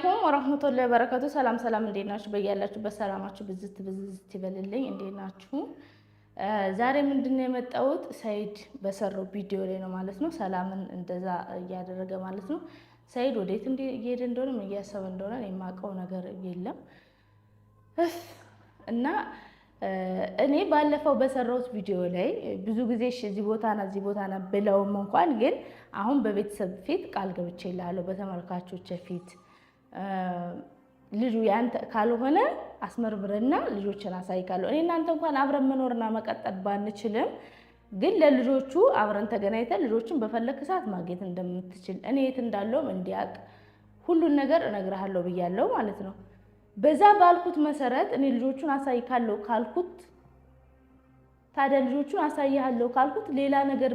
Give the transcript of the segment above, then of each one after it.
አለይኩም ወረህመቱላሂ ወበረካቱ። ሰላም ሰላም፣ እንዴት ናችሁ? በያላችሁበት ሰላማችሁ ብዝት ብዝት ይበልልኝ። እንዴት ናችሁ? ዛሬ ምንድን ነው የመጣሁት ሰይድ በሰራው ቪዲዮ ላይ ነው ማለት ነው። ሰላምን እንደዛ እያደረገ ማለት ነው። ሰይድ ወዴት እየሄደ እንደሆነ ምን እያሰበ እንደሆነ የማውቀው ነገር የለም እና እኔ ባለፈው በሰራሁት ቪዲዮ ላይ ብዙ ጊዜ እዚህ ቦታ ና እዚህ ቦታ ና ብለውም እንኳን ግን አሁን በቤተሰብ ፊት ቃል ገብቼ እልሃለሁ በተመልካቾች ፊት ልጁ ያንተ ካልሆነ አስመርምርና ልጆችን አሳይካለሁ። እኔ እናንተ እንኳን አብረን መኖርና መቀጠል ባንችልም ግን ለልጆቹ አብረን ተገናኝተን ልጆችን በፈለክ ሰዓት ማግኘት እንደምትችል እኔ የት እንዳለውም እንዲያውቅ ሁሉን ነገር እነግርሃለሁ ብያለሁ ማለት ነው። በዛ ባልኩት መሰረት እኔ ልጆቹን አሳይካለሁ ካልኩት ታዲያ ልጆቹን አሳይሃለሁ ካልኩት ሌላ ነገር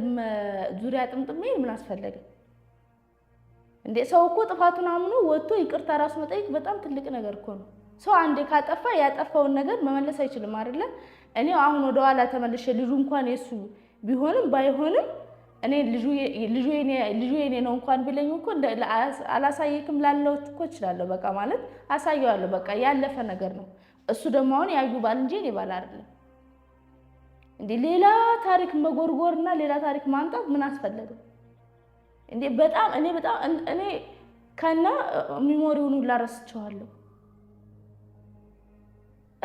ዙሪያ ጥምጥሜ ምን አስፈለገ? እንዴ ሰው እኮ ጥፋቱን አምኖ ወጥቶ ይቅርታ ራሱ መጠየቅ በጣም ትልቅ ነገር እኮ ነው። ሰው አንዴ ካጠፋ ያጠፋውን ነገር መመለስ አይችልም አይደለ? እኔ አሁን ወደ ኋላ ተመልሼ ልጁ እንኳን የሱ ቢሆንም ባይሆንም እኔ ልጁ የኔ ነው እንኳን ቢለኝ እኮ አላሳየክም ላለው እኮ እችላለሁ። በቃ ማለት አሳየዋለሁ። በቃ ያለፈ ነገር ነው። እሱ ደግሞ አሁን ያዩ ባል እንጂ እኔ ባል አይደለም። እንዲህ ሌላ ታሪክ መጎርጎርና ሌላ ታሪክ ማምጣት ምን አስፈለገው? እንዴ በጣም እኔ በጣም እኔ ከና ሚሞሪውን ሁላ ረስቸዋለሁ።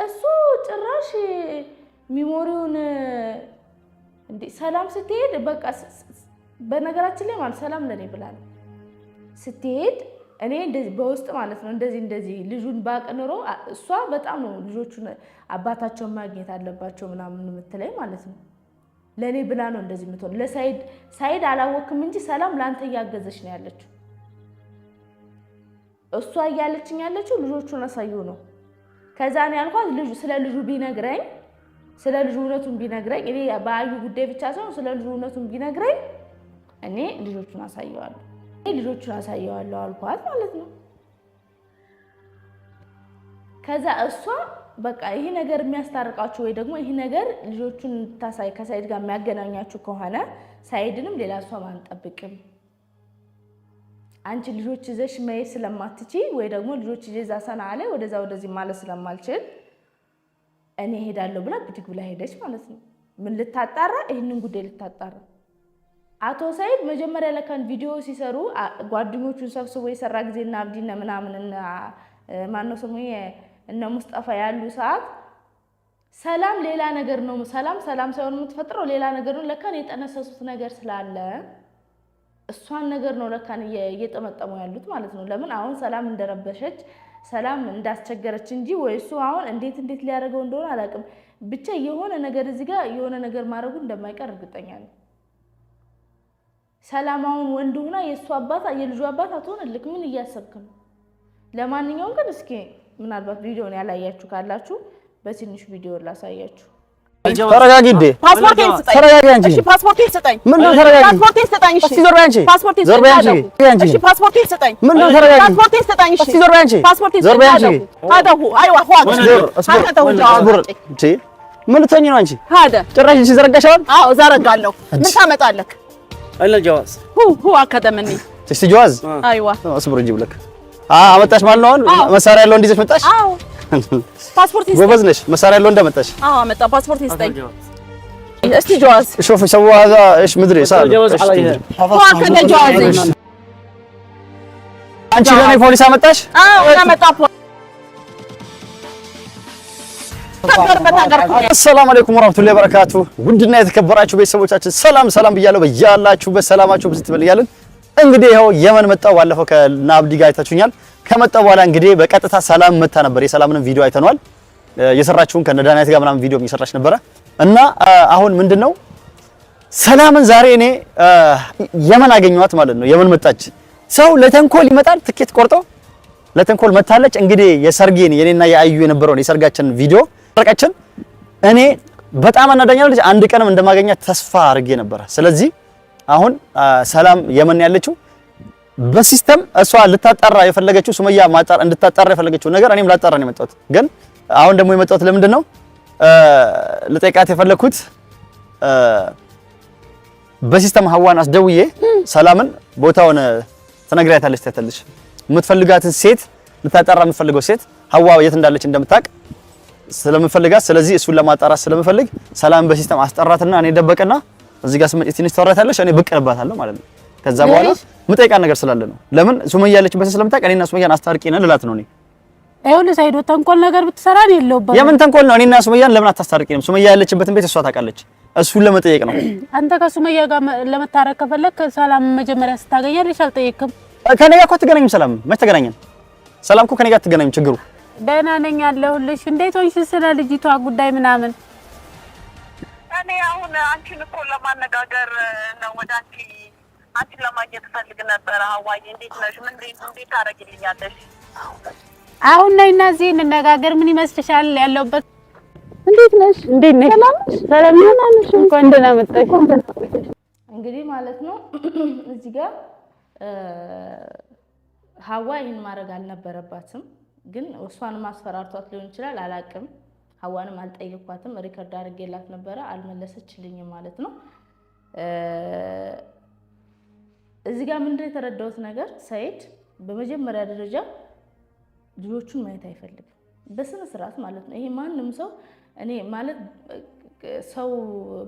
እሱ ጭራሽ ሚሞሪውን እንዴ ሰላም ስትሄድ በቃ በነገራችን ላይ ማለት ሰላም ለኔ ብላል ስትሄድ እኔ እንደዚህ በውስጥ ማለት ነው እንደዚህ እንደዚህ ልጁን ባቅ ኖሮ እሷ በጣም ነው ልጆቹን አባታቸውን ማግኘት አለባቸው ምናምን የምትለኝ ማለት ነው ለእኔ ብላ ነው እንደዚህ የምትሆን። ለሳይድ ሳይድ አላወቅም እንጂ ሰላም ለአንተ እያገዘች ነው ያለችው። እሷ እያለችኝ ያለችው ልጆቹን አሳዩ ነው። ከዛ ነው ያልኳት ስለ ልጁ ቢነግረኝ ስለ ልጁ እውነቱን ቢነግረኝ እኔ በአዩ ጉዳይ ብቻ ሳይሆን ስለ ልጁ እውነቱን ቢነግረኝ እኔ ልጆቹን አሳየዋለሁ እኔ ልጆቹን አሳየዋለሁ አልኳት ማለት ነው። ከዛ እሷ በቃ ይሄ ነገር የሚያስታርቃችሁ ወይ ደግሞ ይሄ ነገር ልጆቹን ታሳይ ከሳይድ ጋር የሚያገናኛችሁ ከሆነ ሳይድንም ሌላ እሷም አንጠብቅም። አንቺ ልጆች ይዘሽ መሄድ ስለማትቺ ወይ ደግሞ ልጆች ይዤ እዛ ሰና አለ ወደዛ ወደዚህ ማለት ስለማልችል እኔ ሄዳለሁ ብላ ብድግ ብላ ሄደች ማለት ነው። ምን ልታጣራ? ይህንን ጉዳይ ልታጣራ። አቶ ሳይድ መጀመሪያ ለካን ቪዲዮ ሲሰሩ ጓደኞቹን ሰብስቦ የሰራ ጊዜ እና አብዲነ ምናምን ማነው ስሙ እነ ሙስጠፋ ያሉ ሰዓት ሰላም ሌላ ነገር ነው። ሰላም ሰላም ሳይሆን የምትፈጥረው ሌላ ነገር ነው። ለካን የጠነሰሱት ነገር ስላለ እሷን ነገር ነው ለካን እየጠመጠሙ ያሉት ማለት ነው። ለምን አሁን ሰላም እንደረበሸች ሰላም እንዳስቸገረች እንጂ ወይ እሱ አሁን እንዴት እንዴት ሊያደርገው እንደሆነ አላውቅም። ብቻ የሆነ ነገር እዚህ ጋር የሆነ ነገር ማድረጉ እንደማይቀር እርግጠኛ ነው። ሰላም አሁን ወንድ ሆና የእሱ አባት የልጁ አባት አትሆንልክ ምን እያሰብክ ነው? ለማንኛውም ግን እስኪ ምናልባት ቪዲዮን ያላያችሁ ካላችሁ በትንሽ ቪዲዮ ላሳያችሁ። ተረጋጊ እንዴ! ፓስፖርቴን ስጠኝ! ምን አንቺ? ጭራሽ እሺ አዎ ዘረጋለሁ። ምን ታመጣለህ? አይዋ አስብር እንጂ ብለክ አመጣሽ ማለት ነው። አሁን መሳሪያ ያለው እንዲዘሽ መጣሽ። አዎ ፓስፖርት ይስጥ። ጎበዝ ነሽ። መሳሪያ ያለው እንደመጣሽ? አዎ አመጣ። ፓስፖርት ይስጥ። እስቲ ጀዋዝ شوف سوى هذا ايش مدري صار አንቺ ለኔ ፖሊስ አመጣሽ። አዎ አመጣ። አሰላሙ አለይኩም ወራህመቱላሂ ወበረካቱ። ውድና የተከበራችሁ ቤተሰቦቻችን ሰላም ሰላም ብያለሁ። በያላችሁበት ሰላማችሁ ብዝት ትበል እያልን እንግዲህ ይኸው የመን መጣው ባለፈው ከናብዲ ጋር አይታችሁኛል። ከመጣው በኋላ እንግዲህ በቀጥታ ሰላም መታ ነበር። የሰላምንም ቪዲዮ አይተነዋል። የሰራችሁን ከነዳናይት ጋር ምናምን ቪዲዮ እየሰራች ነበረ እና አሁን ምንድነው ሰላምን ዛሬ እኔ የመን አገኘዋት ማለት ነው። የመን መጣች። ሰው ለተንኮል ይመጣል። ትኬት ቆርጦ ለተንኮል መታለች። እንግዲህ የሰርጌን የኔና የአዩ የነበረውን የሰርጋችን ቪዲዮ ሰርቃችን እኔ በጣም አናዳኛለች። አንድ ቀንም እንደማገኛት ተስፋ አድርጌ ነበረ። ስለዚህ አሁን ሰላም የመን ያለችው በሲስተም እሷ ልታጣራ የፈለገችው ሱመያ ማጣራ እንድታጣራ የፈለገችው ነገር እኔም ላጣራ ነው የመጣሁት። ግን አሁን ደግሞ የመጣሁት ለምንድን ነው ልጠይቃት የፈለግኩት በሲስተም ሀዋን አስደውዬ ሰላምን ቦታውን ትነግራታለች፣ ታያታለች። የምትፈልጋትን ሴት ልታጣራ የምትፈልገው ሴት ሀዋ የት እንዳለች እንደምታውቅ ስለምፈልጋት፣ ስለዚህ እሱን ለማጣራት ስለምፈልግ ሰላም በሲስተም አስጠራትና እኔ ደበቀና እዚህ ጋር ስመጪ ትንሽ ታወራታለሽ፣ እኔ ብቅ እልባታለሁ ማለት ነው። ከዛ በኋላ የምጠይቃት ነገር ስላለ ነው። ለምን ሱመያ ያለችበት ስለምታውቅ እኔና ሱመያን ነን ልላት ነው እኔ ይኸውልህ ሳይዶ ተንኮል ነገር ብትሰራ ነው የለውበት። የምን ተንኮል ነው? እኔና ሱመያን ለምን አታስታርቂንም? ሱመያ ያለችበትን ቤት እሷ ታውቃለች። እሱን ለመጠየቅ ነው። አንተ ከሱመያ ጋር ለመታረቅ ከፈለክ ሰላም መጀመሪያ ስታገኛለሽ። አልጠየቅም። ከኔ ጋር እኮ አትገናኝም። ሰላም መች ተገናኘን? ሰላም እኮ ከኔ ጋር አትገናኝም። ችግሩ ደህና ነኝ አለሁልሽ። እንዴት ሆንሽ? ስለ ልጅቷ ጉዳይ ምናምን እኔ አሁን አንቺን እኮ ለማነጋገር ነው ወደ አንቺ አንቺን ለማግኘት ፈልግ ነበረ። ሀዋዬ እንዴት ነሽ? ምን እንዴት ታደርጊልኛለሽ? አሁን እና እዚህ እንነጋገር። ምን ይመስልሻል? ያለውበት እንዴት ነሽ? እንዴት ነሽ? ሰላም ነሽ? ሰላም ነሽ? እንኳን ደህና መጣሽ። እንግዲህ ማለት ነው እዚህ ጋር ሀዋ ይህን ማድረግ አልነበረባትም፣ ግን እሷን ማስፈራርቷት ሊሆን ይችላል። አላቅም ሀዋንም አልጠየኳትም። ሪከርድ አድርጌላት ነበረ አልመለሰችልኝም ማለት ነው። እዚህ ጋር ምንድን የተረዳሁት ነገር ሰኢድ በመጀመሪያ ደረጃ ልጆቹን ማየት አይፈልግም በስነ ስርዓት ማለት ነው። ይሄ ማንም ሰው እኔ ማለት ሰው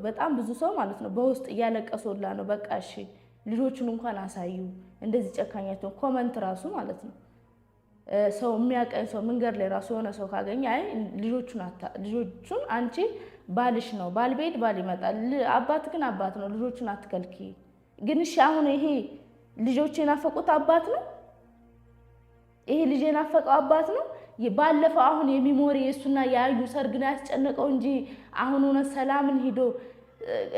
በጣም ብዙ ሰው ማለት ነው በውስጥ እያለቀሶላ ነው በቃ እሺ ልጆቹን እንኳን አሳዩ እንደዚህ ጨካኛቸው ኮመንት ራሱ ማለት ነው ሰው የሚያቀኝ ሰው መንገድ ላይ ራሱ የሆነ ሰው ካገኘ አይ ልጆቹን አንቺ ባልሽ ነው፣ ባል ቤድ ባል ይመጣል፣ አባት ግን አባት ነው፣ ልጆቹን አትከልኪ። ግን እሺ አሁን ይሄ ልጆች የናፈቁት አባት ነው፣ ይሄ ልጅ የናፈቀው አባት ነው። ባለፈው አሁን የሚሞሪ የእሱና የአዩ ነው ያስጨነቀው እንጂ አሁን እውነት ሰላምን ሂዶ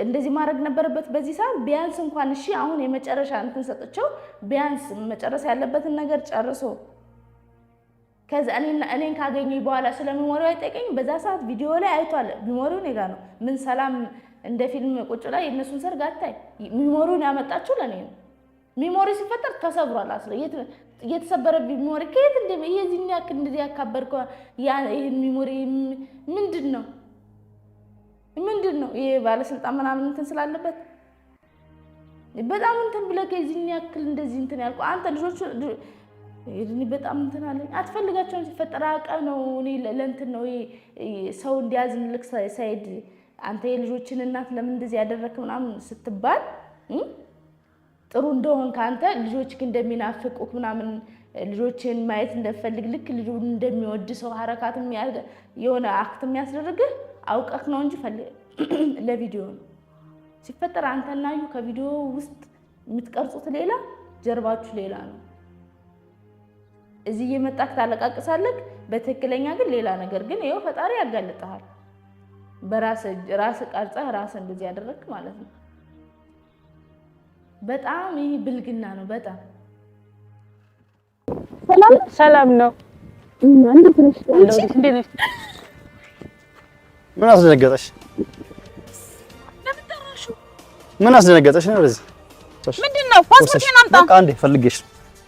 እንደዚህ ማድረግ ነበረበት። በዚህ ሰዓት ቢያንስ እንኳን እሺ አሁን የመጨረሻ እንትን ሰጥቼው ቢያንስ መጨረስ ያለበትን ነገር ጨርሶ ከዛ እኔን ካገኘኝ በኋላ ስለ ሚሞሪው አይጠቀኝ። በዛ ሰዓት ቪዲዮ ላይ አይቷል። ሚሞሪው እኔ ጋ ነው። ምን ሰላም እንደ ፊልም ቁጭ ላይ የእነሱን ሰርግ አታይ። ሚሞሪውን ያመጣችው ለእኔ ነው። ሚሞሪ ሲፈጠር ተሰብሯል። አስለ እየተሰበረ ሚሞሪ ከየት እንደ ያክል እንደዚህ ይህን ሚሞሪ ምንድን ነው ምንድን ነው ይሄ ባለስልጣን ምናምን እንትን ስላለበት በጣም እንትን ብለህ ያክል እንደዚህ እንትን ያልኩ አንተ ልጆቹ በጣም እንትን አለኝ። አትፈልጋቸውም ሲፈጠር አውቀህ ነው። እኔ ለእንትን ነው ሰው ልክ ሳይድ አንተ የልጆችን እናት ለምን እንደዚህ ያደረክ ምናምን ስትባል ጥሩ እንደሆን ከአንተ ልጆች እንደሚናፍቁ ምናምን ልጆችን ማየት እንደፈልግ ልክ ልጁ እንደሚወድ ሰው ሀረካት የሆነ አክት የሚያስደርግህ አውቀህ ነው እንጂ ለቪዲዮ ነው። ሲፈጠር አንተ እናዩ ከቪዲዮ ውስጥ የምትቀርጹት ሌላ፣ ጀርባችሁ ሌላ ነው። እዚህ እየመጣክ ታለቃቅሳለክ። በትክክለኛ ግን ሌላ ነገር ግን ይኸው ፈጣሪ ያጋልጠሃል። በራስ ቀርጸህ ራስ እንደዚህ ያደረግክ ማለት ነው። በጣም ይህ ብልግና ነው። በጣም ሰላም ሰላም ነው። እንዴት ነሽ? ምን አስደነገጠሽ? ምን አስደነገጠሽ ነው? ለዚህ ምንድን ነው ፓስፖርቴን አምጣ። አንዴ ፈልጌሽ ነው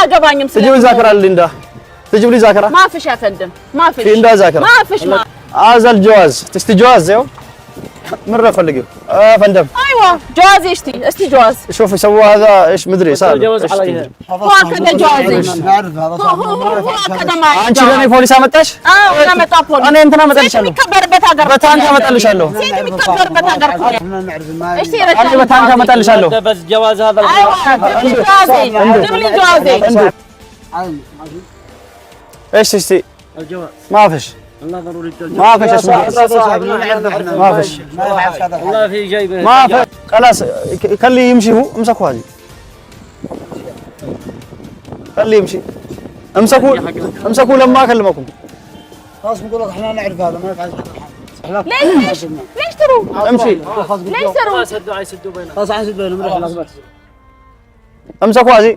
አያገባኝም። ስለ ትጅብ ዛክራል እንዳ ትጅብ ዛክራ ማፍሽ ያፈንድም ማፍሽ እንዳ ዛክራ ማፍሽ አዛል ጀዋዝ ትስቲ ጀዋዝ ያው من رفع آه فندم ايوه جوازي يشتي اشتي جواز شوف سوى هذا ايش مدري صار جواز علي هو هكذا جوازي هو هو هكذا معي انت لاني فولي اه انا متابول انا انت ما تلش له مكبر بيت هاجر انت ما تلش له سيدي مكبر ايش تي رجع انت ما تلش له بس جواز هذا ايوه جوازي جيب لي جوازي ايش تشتي الجواز ما فيش ما فيش ما فيش والله في جيبه ما فيش خلاص خليه يمشي هو امسكوا هذه خليه يمشي امسكوا امسكوا لما اكلمكم خلاص نقول لك احنا نعرف هذا ما يفعل ليش ليش ليش امشي ليش تروا؟ سدوا عيسدوا بينهم خلاص بينهم امسكوا هذه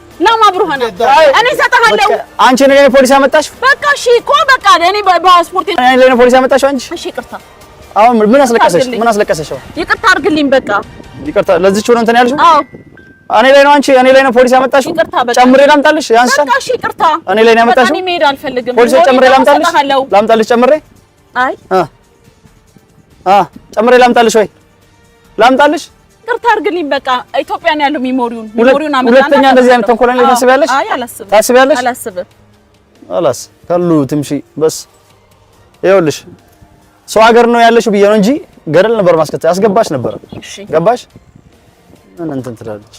ናም አብሮ ሆነ እኔ እሰጥሃለሁ። አንቺ ነው ፖሊስ ያመጣሽ። በቃ እሺ እኮ በቃ እኔ በፓስፖርት እኔ ነው ፖሊስ ያመጣሽ አንቺ። እሺ ይቅርታ። አሁን ምን አስለቀሰሽ? ምን አስለቀሰሽ? ይቅርታ አድርግልኝ። በቃ ይቅርታ። ለዚች ሆነ እንትን ያልሽው? አዎ እኔ ላይ ነው አንቺ እኔ ላይ ነው ፖሊስ ያመጣሽ። ይቅርታ። በቃ ጨምሬ ላምጣልሽ? ያንሳል። በቃ እሺ ይቅርታ። እኔ ላይ ነው ያመጣሽ። እኔ መሄድ አልፈልግም። ፖሊስ ጨምሬ ላምጣልሽ? ላምጣልሽ ጨምሬ። አይ አ ጨምሬ ላምጣልሽ ወይ ላምጣልሽ ይቅርታ አድርግልኝ። በቃ ኢትዮጵያ ነው ያለው ሚሞሪውን ሚሞሪውን አመጣና ሁለተኛ እንደዚህ አይነት ተንኮላ ላይ ታስቢያለሽ? አይ አላስብም። ታስቢያለሽ? አላስብም። አላስ ካሉ ትምሺ በስ ይኸውልሽ ሰው ሀገር ነው ያለሽው ብዬ ነው እንጂ ገደል ነበር ማስከተል ያስገባሽ ነበር። እሺ ገባሽ? ምን እንትን ትላለች።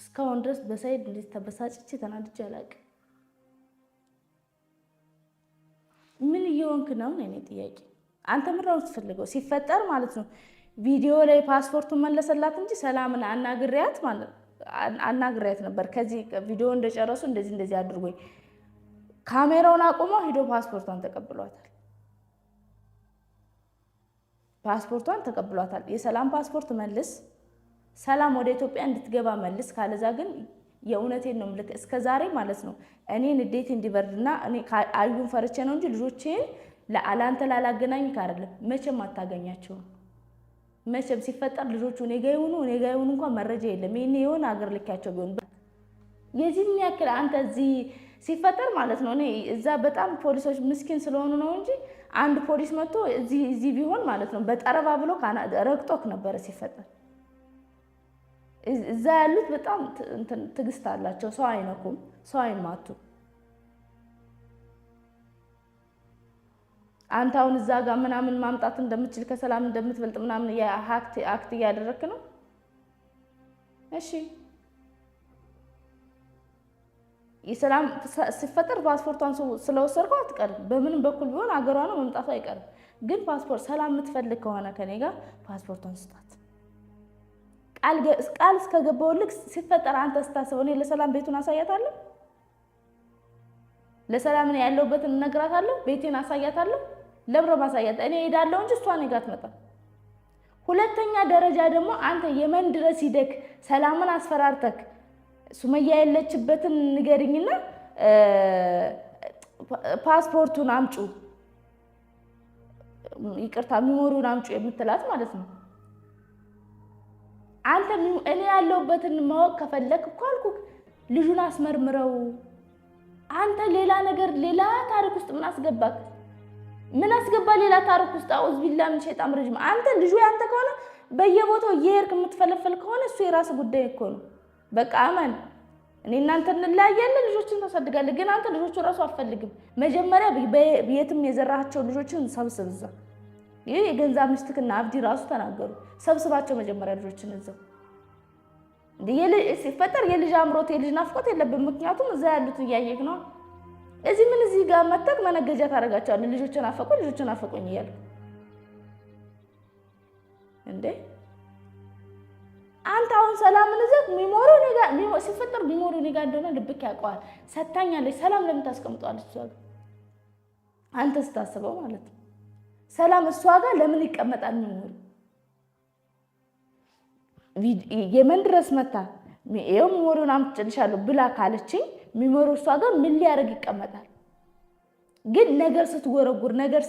እስካሁን ድረስ በሳይድ እንደዚህ ተበሳጭቼ ተናድጄ አላውቅም። ምን እየሆንክ ነው ነው ጥያቄ። አንተ ምራው ትፈልገው ሲፈጠር ማለት ነው። ቪዲዮ ላይ ፓስፖርቱን መለሰላት እንጂ ሰላምን አናግሪያት ማለት አናግሪያት ነበር። ከዚህ ቪዲዮ እንደጨረሱ እንደዚህ እንደዚህ አድርጎኝ ካሜራውን አቁመው ሂዶ ፓስፖርቷን ተቀብሏታል። ፓስፖርቷን ተቀብሏታል። የሰላም ፓስፖርት መልስ፣ ሰላም ወደ ኢትዮጵያ እንድትገባ መልስ። ካለዛ ግን የእውነቴን ነው ምልክ እስከ ዛሬ ማለት ነው እኔን እንዴት እንዲበርድና እኔ አዩን ፈርቼ ነው እንጂ ልጆቼን ለአላንተ ላላገናኝ ካደለም መቼም አታገኛቸውም። መቼም ሲፈጠር ልጆቹ እኔ ጋ ይሁኑ እኔ ጋ ይሁኑ እንኳን መረጃ የለም። ይሄኔ የሆነ አገር ልኪያቸው ቢሆን የዚህ ያክል አንተ እዚህ ሲፈጠር ማለት ነው። እኔ እዛ በጣም ፖሊሶች ምስኪን ስለሆኑ ነው እንጂ አንድ ፖሊስ መጥቶ እዚህ እዚህ ቢሆን ማለት ነው በጠረባ ብሎ ረግጦክ ነበረ ሲፈጠር። እዛ ያሉት በጣም ትግስት አላቸው። ሰው አይነኩም፣ ሰው አይማቱም። አንተ አሁን እዛ ጋር ምናምን ማምጣት እንደምትችል ከሰላም እንደምትበልጥ ምናምን አክት እያደረክ ነው። እሺ የሰላም ሲፈጠር ፓስፖርቷን ስለወሰድከው አትቀርም። በምንም በኩል ቢሆን አገሯ ነው መምጣቷ አይቀርም። ግን ፓስፖርት ሰላም የምትፈልግ ከሆነ ከኔ ጋር ፓስፖርቷን ስጣት። ቃል እስከገባው ልክ ሲፈጠር አንተ ስታስበው እኔ ለሰላም ቤቱን አሳያታለሁ፣ ለሰላም እኔ ያለሁበትን እነግራታለሁ፣ ቤቴን አሳያታለሁ። ለብረ ማሳያት እኔ ሄዳለሁ እንጂ እሷ እኔ ጋር አትመጣም። ሁለተኛ ደረጃ ደግሞ አንተ የመን ድረስ ሂደክ ሰላምን አስፈራርተክ ሱመያ የለችበትን ንገሪኝና ፓስፖርቱን አምጩ፣ ይቅርታ ሚሞሪውን አምጩ የምትላት ማለት ነው። አንተ እኔ ያለሁበትን ማወቅ ከፈለክ እኮ አልኩህ፣ ልጁን አስመርምረው። አንተ ሌላ ነገር ሌላ ታሪክ ውስጥ ምን አስገባክ? ምን አስገባ ሌላ ታሪክ ውስጥ? አውዝ ቢላ ምን ሸጣም ረጅም። አንተ ልጁ ያንተ ከሆነ በየቦታው የሄድክ የምትፈለፈል ከሆነ እሱ የራስ ጉዳይ እኮ ነው። በቃ አማን እኔ እናንተ እንለያያለን፣ ልጆችን ታሳድጋለህ። ግን አንተ ልጆቹ እራሱ አፈልግም። መጀመሪያ የትም የዘራቸው ልጆችን ሰብስብ። እዛ ይህ የገንዛ ምስትክና አብዲ ራሱ ተናገሩ። ሰብስባቸው መጀመሪያ ልጆችን እዛው ሲፈጠር የልጅ አምሮት የልጅ ናፍቆት የለብን። ምክንያቱም እዛ ያሉት እያየክ ነው። እዚህ ምን እዚህ ጋር መተክ መነገጃ ታደርጋቸዋለህ። ልጆችን አፈቁ ልጆችን አፈቁኝ እያሉ እንዴ አንተ አሁን ሰላምን እዘት ሚሞሩ ሲፈጠር ሚሞሩ ኔጋ እንደሆነ ልብክ ያውቀዋል። ሰታኛለች ሰላም ለምን ታስቀምጠዋለች? እሷ ጋር አንተ ስታስበው ማለት ነው። ሰላም እሷ ጋር ለምን ይቀመጣል? ሚሞሩ የመን ድረስ መታ ይኸው ሚሞሩን አምጥቼልሻለሁ ብላ ካለችኝ የሚመሩ እሷ ጋር ምን ሊያደርግ ይቀመጣል? ግን ነገር ስትጎረጉር ነገር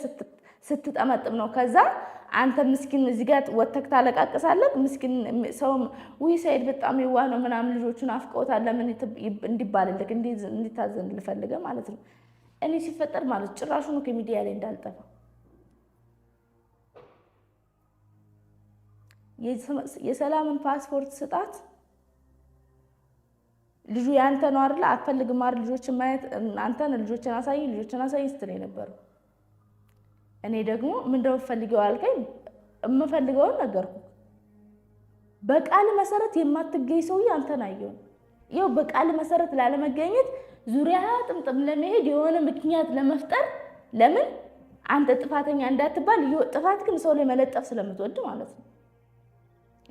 ስትጠመጥም ነው። ከዛ አንተ ምስኪን እዚህ ጋር ወተክ ታለቃቅሳለህ። ምስኪን ሰው ውይ ሰይድ በጣም የዋህ ነው ምናምን ልጆቹን አፍቀውታል ለምን እንዲባልልክ እንዲታዘን ልፈልገ ማለት ነው። እኔ ሲፈጠር ማለት ጭራሹን ከሚዲያ ላይ እንዳልጠፋ የሰላምን ፓስፖርት ስጣት። ልጁ ያንተ ነው አይደለ? አትፈልግም አይደል? ልጆችን ማየት አንተን ልጆችን አሳይ ልጆችን አሳይ ስትል የነበረው እኔ ደግሞ ምን ነው አልከኝ። የምፈልገውን ነገርኩ። በቃል መሰረት የማትገኝ ሰውዬ አንተን አየሁ። ይኸው በቃል መሰረት ላለመገኘት ዙሪያ ጥምጥም ለመሄድ የሆነ ምክንያት ለመፍጠር ለምን አንተ ጥፋተኛ እንዳትባል ጥፋት ግን ሰው ላይ መለጠፍ ስለምትወድ ማለት ነው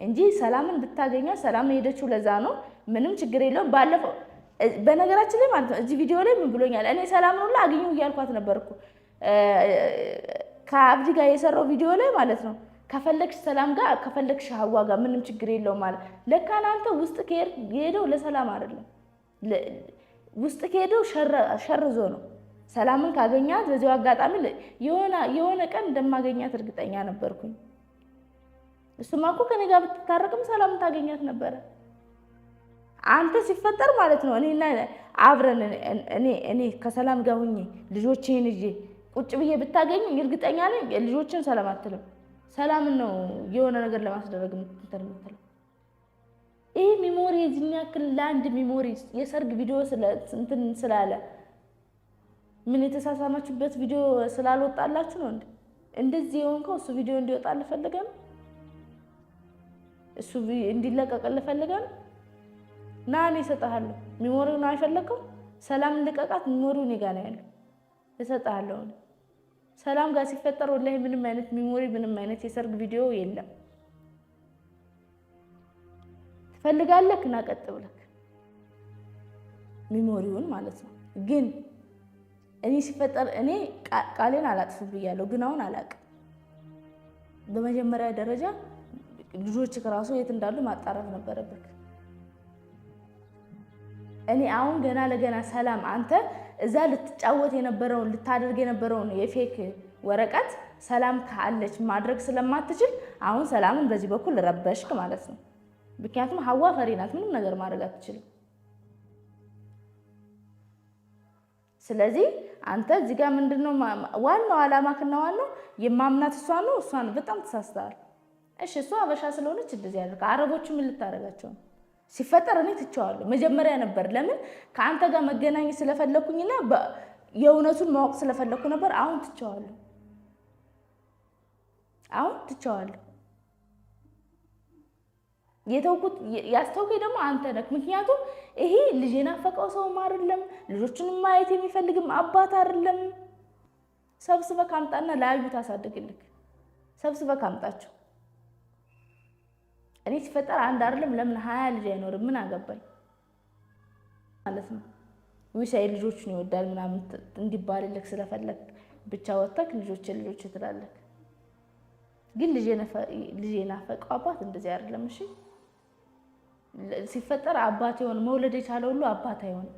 እንጂ ሰላምን ብታገኛት ሰላም የሄደችው ለዛ ነው ምንም ችግር የለውም። ባለፈው በነገራችን ላይ ማለት ነው እዚህ ቪዲዮ ላይ ምን ብሎኛል? እኔ ሰላምን ላ አግኙ እያልኳት ነበር እኮ ከአብዲ ጋር የሰራው ቪዲዮ ላይ ማለት ነው። ከፈለግሽ ሰላም ጋር ከፈለግሽ ሀዋ ጋር ምንም ችግር የለውም ማለት ለካ እናንተ ውስጥ ከሄድ የሄደው ለሰላም አይደለም። ውስጥ ከሄደው ሸርዞ ነው። ሰላምን ካገኛት በዚያው አጋጣሚ የሆነ ቀን እንደማገኛት እርግጠኛ ነበርኩኝ። እሱማ እኮ ከኔ ጋር ብትታረቅም ሰላምን ታገኛት ነበረ። አንተ ሲፈጠር ማለት ነው እኔና አብረን እኔ ከሰላም ጋር ሁኜ ልጆችህን ይዤ ቁጭ ብዬ ብታገኝ እርግጠኛ ነኝ ልጆችን ሰላም አትልም። ሰላምን ነው የሆነ ነገር ለማስደረግ ምትል ይህ ሚሞሪ የዚህን ያክል ለአንድ ሚሞሪ የሰርግ ቪዲዮ ስንትን ስላለ ምን የተሳሳማችሁበት ቪዲዮ ስላልወጣላችሁ ነው እንዴ? እንደዚህ የሆንከው እሱ ቪዲዮ እንዲወጣ ልፈልገ ነው እሱ እንዲለቀቅ ልፈልገ ነው ና እኔ እሰጥሃለሁ። ሚሞሪውን አይፈለግከው ሰላም ልቀቃት። ሚሞሪው እኔ ጋር ነው ያለው፣ እሰጥሃለሁ። ሰላም ጋር ሲፈጠር ወላሂ ምንም አይነት ሚሞሪ፣ ምንም አይነት የሰርግ ቪዲዮ የለም። ትፈልጋለህ ና ቀጥ ብለህ ሚሞሪውን ማለት ነው። ግን እኔ ሲፈጠር እኔ ቃሌን አላጥፍ ብያለሁ፣ ግን አሁን አላቅም። በመጀመሪያ ደረጃ ልጆች ከራሱ የት እንዳሉ ማጣራት ነበረበት። እኔ አሁን ገና ለገና ሰላም አንተ እዛ ልትጫወት የነበረውን ልታደርግ የነበረውን የፌክ ወረቀት ሰላም ካለች ማድረግ ስለማትችል አሁን ሰላምን በዚህ በኩል ረበሽክ ማለት ነው። ምክንያቱም ሀዋ ፈሪ ናት፣ ምንም ነገር ማድረግ አትችልም። ስለዚህ አንተ እዚህ ጋር ምንድን ነው ዋናው አላማክና ዋናው የማምናት እሷ ነው። እሷን በጣም ተሳስተሃል። እሺ እሷ አበሻ ስለሆነች እንደዚህ ያደርግ አረቦች ምን ልታደርጋቸው ነው? ሲፈጠር እኔ ትቸዋለሁ መጀመሪያ ነበር። ለምን ከአንተ ጋር መገናኘት ስለፈለኩኝና የእውነቱን ማወቅ ስለፈለኩ ነበር። አሁን ትቸዋለሁ፣ አሁን ትቸዋለሁ። የተውኩት ያስተውከኝ ደግሞ አንተ ነክ። ምክንያቱም ይሄ ልጅ የናፈቀው ሰውም አይደለም፣ ልጆችን ማየት የሚፈልግም አባት አይደለም። ሰብስበ ካምጣና ለአዩ ታሳድግልህ። ሰብስበ ካምጣቸው እኔ ሲፈጠር አንድ አይደለም ለምን ሀያ ልጅ አይኖርም? ምን አገባኝ ማለት ነው። ዊሳይ ልጆቹን ይወዳል ምናምን እንዲባልልክ ስለፈለግ ብቻ ወጥተክ ልጆች ልጆች ትላለክ። ግን ልጅ የናፈቀው አባት እንደዚህ አይደለም። እሺ ሲፈጠር አባት የሆነ መውለድ የቻለ ሁሉ አባት አይሆንም።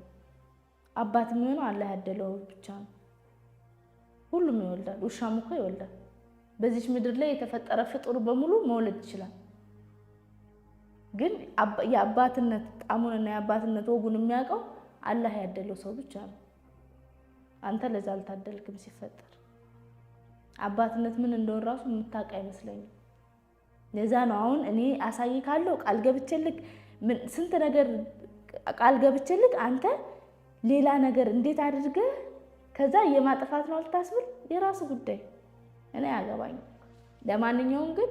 አባት የሚሆነው አላህ ያደለው ብቻ ነው። ሁሉም ይወልዳል። ውሻም እኮ ይወልዳል። በዚች ምድር ላይ የተፈጠረ ፍጡር በሙሉ መውለድ ይችላል። ግን የአባትነት ጣሙንና የአባትነት ወጉን የሚያውቀው አላህ ያደለው ሰው ብቻ ነው። አንተ ለዛ አልታደልክም። ሲፈጠር አባትነት ምን እንደሆን ራሱ የምታውቅ አይመስለኝም። ለዛ ነው አሁን እኔ አሳይ ካለው ቃል ገብቼልክ ስንት ነገር ቃል ገብቼልክ አንተ ሌላ ነገር እንዴት አድርገህ ከዛ የማጥፋት ነው ልታስብል፣ የራሱ ጉዳይ እኔ አያገባኝም። ለማንኛውም ግን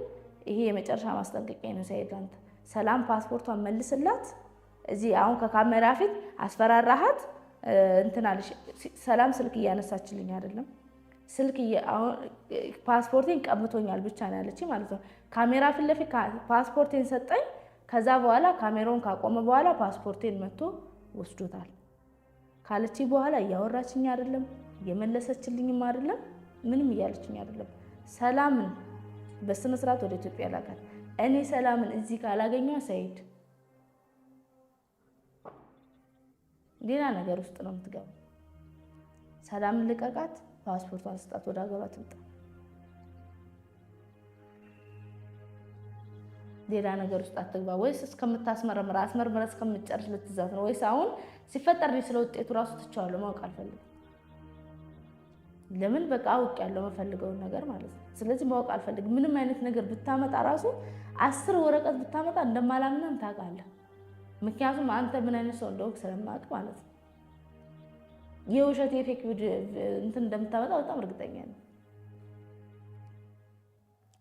ይሄ የመጨረሻ ማስጠንቀቂያ ነው ሳይድ አንተ ሰላም ፓስፖርቷን መልስላት። እዚህ አሁን ከካሜራ ፊት አስፈራራሃት እንትን አለሽ። ሰላም ስልክ እያነሳችልኝ አይደለም ስልክ ፓስፖርቴን ቀምቶኛል ብቻ ነው ያለች ማለት ነው። ካሜራ ፊት ለፊት ፓስፖርቴን ሰጠኝ። ከዛ በኋላ ካሜራውን ካቆመ በኋላ ፓስፖርቴን መጥቶ ወስዶታል ካለች በኋላ እያወራችኝ አይደለም፣ እየመለሰችልኝም አይደለም፣ ምንም እያለችኝ አይደለም። ሰላምን በስነስርዓት ወደ ኢትዮጵያ ላካል። እኔ ሰላምን እዚህ ካላገኘ ሰይድ ሌላ ነገር ውስጥ ነው የምትገባው። ሰላምን ልቀቃት፣ ፓስፖርቷን ስጣት፣ ወደ ሀገሯ ትምጣ። ሌላ ነገር ውስጥ አትግባ። ወይስ እስከምታስመረምር አስመርምረ እስከምትጨርስ ልትዛት ነው? ወይስ አሁን ሲፈጠር ስለ ውጤቱ ራሱ ትቸዋለሁ፣ ማወቅ አልፈልግም። ለምን በቃ አውቅ ያለው መፈልገውን ነገር ማለት ነው። ስለዚህ ማወቅ አልፈልግም። ምንም አይነት ነገር ብታመጣ ራሱ አስር ወረቀት ብታመጣ እንደማላምንም ታውቃለህ። ምክንያቱም አንተ ምን አይነት ሰው እንደወቅ ስለማውቅ ማለት ነው። የውሸት የፌክ እንትን እንደምታመጣ በጣም እርግጠኛ ነው።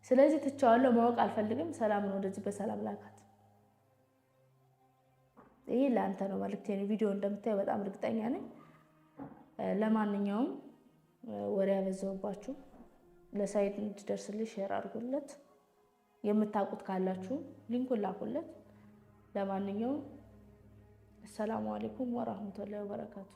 ስለዚህ ትቼዋለሁ፣ ማወቅ አልፈልግም። ሰላምን ወደዚህ በሰላም ላካት። ይህ ለአንተ ነው መልዕክቴ። ቪዲዮ እንደምታየው በጣም እርግጠኛ ነኝ። ለማንኛውም ወሬ ያበዛውባችሁ፣ ለሳይድ እንድደርስልሽ ሼር አድርጉለት። የምታውቁት ካላችሁ ሊንኩን ላኩለት። ለማንኛውም አሰላሙ አሌይኩም ወራህመቱላሂ ወበረካቱ።